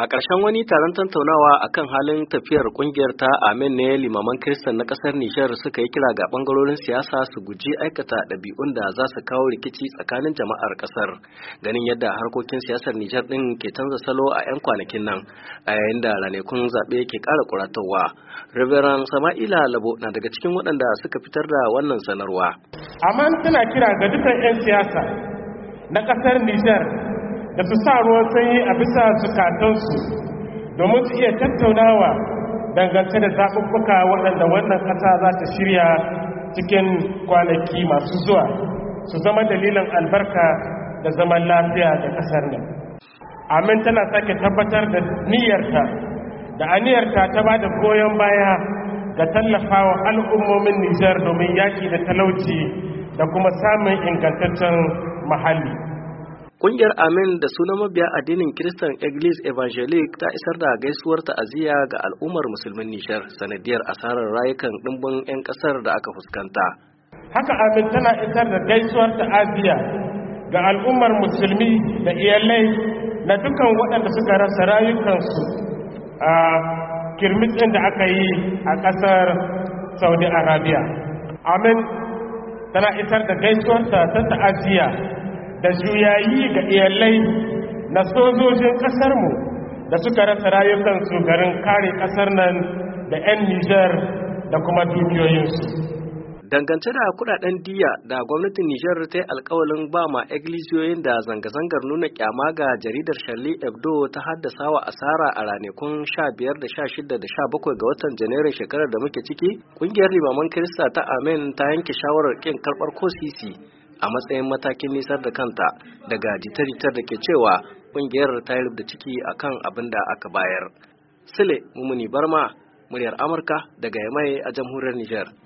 A ƙarshen wani taron tattaunawa a kan halin tafiyar ƙungiyar ta Amin ne limaman Kiristan na ƙasar Nijar suka yi kira ga ɓangarorin siyasa su guji aikata ɗabi'un da za su kawo rikici tsakanin jama'ar ƙasar. Ganin yadda harkokin siyasar Nijar ɗin ke canza salo a 'yan kwanakin nan, a yayin da ranakun zaɓe ke ƙara kuratowa. Reverend Sama'ila Labo na daga cikin waɗanda suka fitar da wannan sanarwa. Amma tana kira ga dukkan 'yan siyasa na ƙasar Nijar da su sa ruwan sanyi a bisa zukatansu domin su iya tattaunawa dangance da zaɓuɓɓuka waɗanda wannan ƙasa za ta shirya cikin kwanaki masu zuwa su zama dalilin albarka da zaman lafiya da ƙasar nan amin tana sake tabbatar da niyyarta da aniyarta ta ba da goyon baya ga tallafawa al'ummomin nijar domin yaƙi da talauci da kuma samun ingantaccen muhalli. Kungiyar Amin da suna mabiya addinin Kiristan Eglis Evangelic ta isar da gaisuwar ta'aziyya ga al'ummar musulmin Nishar sanadiyar asarar rayukan ɗimbin 'yan ƙasar da aka fuskanta. Haka Amin tana isar da gaisuwar ta'aziyya ga al'ummar musulmi da iyalai na dukan waɗanda suka rasa rayukansu a kirmitsin da aka yi a ƙasar Saudi Arabia. Amin tana isar da gaisuwar ta ta'aziyya da juyayi ga iyalai na sojojin ƙasarmu da suka rasa rayukansu garin kare ƙasar nan da 'yan nijar da kuma dukiyoyinsu dangance da kudaden diya da gwamnatin Nijar ta yi alkawalin ba ma egilisiyoyin da zanga-zangar nuna kyama ga jaridar shalli Ebdo ta haddasa wa asara a ranakun 15 da 16 da 17 ga watan Janairun shekarar da muke ciki, kungiyar limaman Kirista ta Amen ta yanke shawarar kin karbar ko sisi a matsayin matakin nisar da kanta daga jitar jitar da ke cewa ƙungiyar ta yi da ciki a kan abin da aka bayar. sile Mumuni Barma, muryar Amurka daga Yamai a jamhuriyar Nijar.